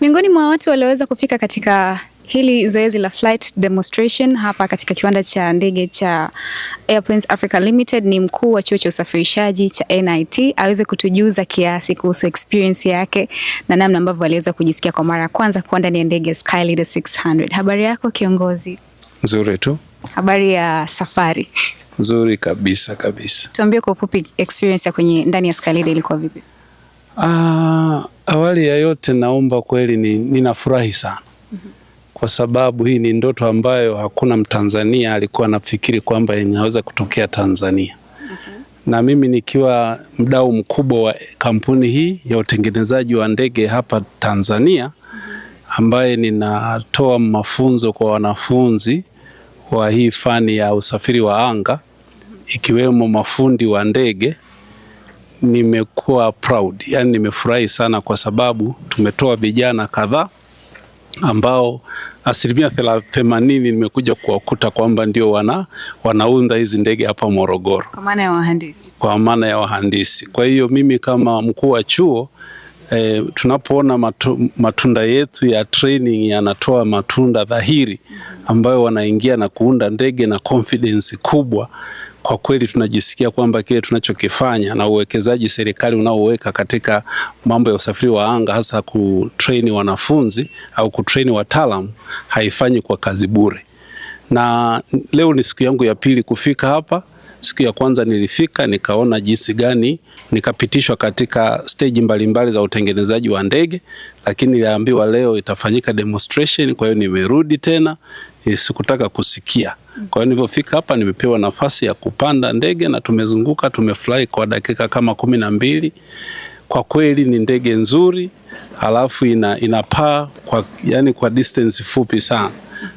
Miongoni mwa watu walioweza kufika katika hili zoezi la flight demonstration hapa katika kiwanda cha ndege cha Airplanes Africa Limited ni mkuu wa chuo cha usafirishaji cha NIT, aweze kutujuza kiasi kuhusu experience yake na namna ambavyo aliweza kujisikia kwa mara ya kwanza kuwa ndani ya ndege Skyleader 600. Habari yako kiongozi? Nzuri tu. Habari ya safari? Nzuri kabisa kabisa. Tuambie kwa ufupi experience ya kwenye ndani ya Skyleader ilikuwa vipi? Aa, ah, awali ya yote naomba kweli ni, ninafurahi sana mm -hmm. Kwa sababu hii ni ndoto ambayo hakuna Mtanzania alikuwa anafikiri kwamba inaweza kutokea Tanzania mm -hmm. Na mimi nikiwa mdau mkubwa wa kampuni hii ya utengenezaji wa ndege hapa Tanzania ambaye ninatoa mafunzo kwa wanafunzi wa hii fani ya usafiri wa anga ikiwemo mafundi wa ndege nimekuwa proud, yani nimefurahi sana kwa sababu tumetoa vijana kadhaa ambao asilimia themanini nimekuja kuwakuta kwamba ndio wana, wanaunda hizi ndege hapa Morogoro kwa maana ya wahandisi. Kwa maana ya wahandisi. Kwa hiyo mimi kama mkuu wa chuo eh, tunapoona matu, matunda yetu ya training yanatoa matunda dhahiri ambayo wanaingia na kuunda ndege na confidence kubwa kwa kweli tunajisikia kwamba kile tunachokifanya na uwekezaji serikali unaoweka katika mambo ya usafiri wa anga, hasa kutreni wanafunzi au kutreni wataalamu, haifanyi kwa kazi bure. Na leo ni siku yangu ya pili kufika hapa Siku ya kwanza nilifika nikaona jinsi gani, nikapitishwa katika stage mbalimbali za utengenezaji wa ndege, lakini niliambiwa leo itafanyika demonstration. Kwa hiyo nimerudi tena, sikutaka kusikia. Kwa hiyo nilipofika hapa nimepewa nafasi ya kupanda ndege na tumezunguka, tumefly kwa dakika kama kumi na mbili. Kwa kweli ni ndege nzuri, halafu ina, inapaa kwa, yani kwa distance fupi sana,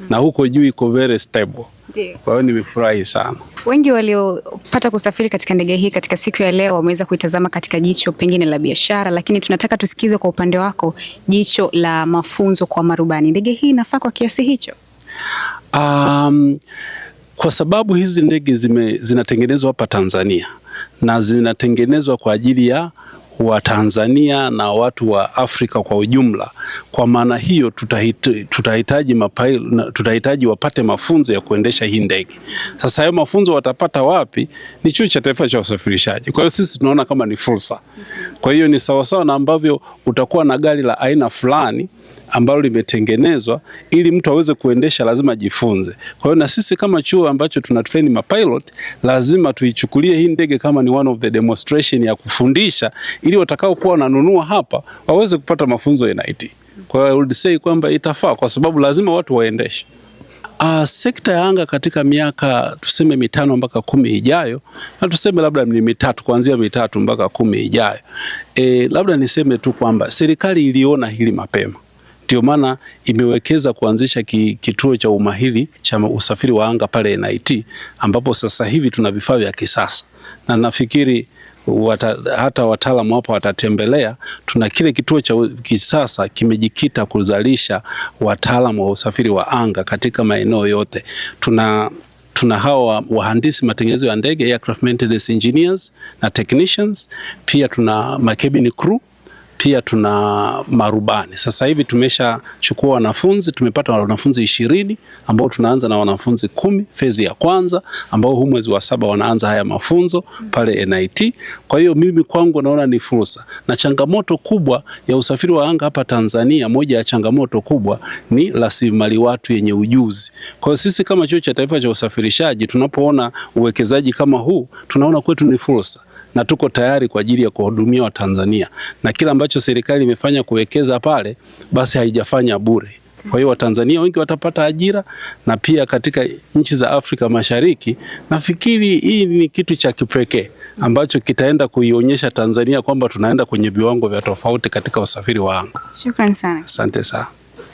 na huko juu iko very stable. Ndiyo. Kwa hiyo nimefurahi sana. Wengi waliopata kusafiri katika ndege hii katika siku ya leo wameweza kuitazama katika jicho pengine la biashara, lakini tunataka tusikize kwa upande wako jicho la mafunzo kwa marubani. Ndege hii inafaa kwa kiasi hicho? Um, kwa sababu hizi ndege zime, zinatengenezwa hapa Tanzania na zinatengenezwa kwa ajili ya wa Tanzania na watu wa Afrika kwa ujumla. Kwa maana hiyo tutahitaji, tutahitaji, tutahitaji wapate mafunzo ya kuendesha hii ndege. Sasa hayo mafunzo watapata wapi? Ni Chuo cha Taifa cha Usafirishaji. Kwa hiyo sisi tunaona kama ni fursa. Kwa hiyo ni sawasawa na ambavyo utakuwa na gari la aina fulani ambalo limetengenezwa ili mtu aweze kuendesha, lazima ajifunze. Kwa hiyo na sisi kama chuo ambacho tuna train mapilot, lazima tuichukulie hii ndege kama ni one of the demonstration ya kufundisha, ili watakao kuwa wananunua hapa waweze kupata mafunzo ya NIT. Kwa hiyo I would say kwamba itafaa kwa sababu lazima watu waendeshe. Uh, sekta ya anga katika miaka tuseme mitano mpaka kumi ijayo na tuseme labda ni mitatu kuanzia mitatu mpaka kumi ijayo. E, labda niseme tu kwamba serikali iliona hili mapema ndio maana imewekeza kuanzisha ki, kituo cha umahiri cha usafiri wa anga pale NIT, ambapo sasa hivi tuna vifaa vya kisasa na nafikiri Wata, hata wataalamu hapo watatembelea. Tuna kile kituo cha kisasa kimejikita kuzalisha wataalamu wa usafiri wa anga katika maeneo yote. Tuna tuna hawa wahandisi matengenezo ya ndege aircraft maintenance engineers na technicians, pia tuna makebini crew pia tuna marubani. Sasa hivi tumeshachukua wanafunzi, tumepata wanafunzi ishirini ambao tunaanza na wanafunzi kumi fezi ya kwanza, ambao huu mwezi wa saba wanaanza haya mafunzo pale NIT. Kwa hiyo mimi kwangu naona ni fursa, na changamoto kubwa ya usafiri wa anga hapa Tanzania, moja ya changamoto kubwa ni rasilimali watu yenye ujuzi. Kwa hiyo sisi kama Chuo cha Taifa cha Usafirishaji tunapoona uwekezaji kama huu, tunaona kwetu ni fursa na tuko tayari kwa ajili ya kuhudumia Watanzania, na kila ambacho serikali imefanya kuwekeza pale, basi haijafanya bure. Kwa hiyo Watanzania wengi watapata ajira na pia katika nchi za Afrika Mashariki, nafikiri hii ni kitu cha kipekee ambacho kitaenda kuionyesha Tanzania kwamba tunaenda kwenye viwango vya tofauti katika usafiri wa anga. Shukrani sana. Asante sana.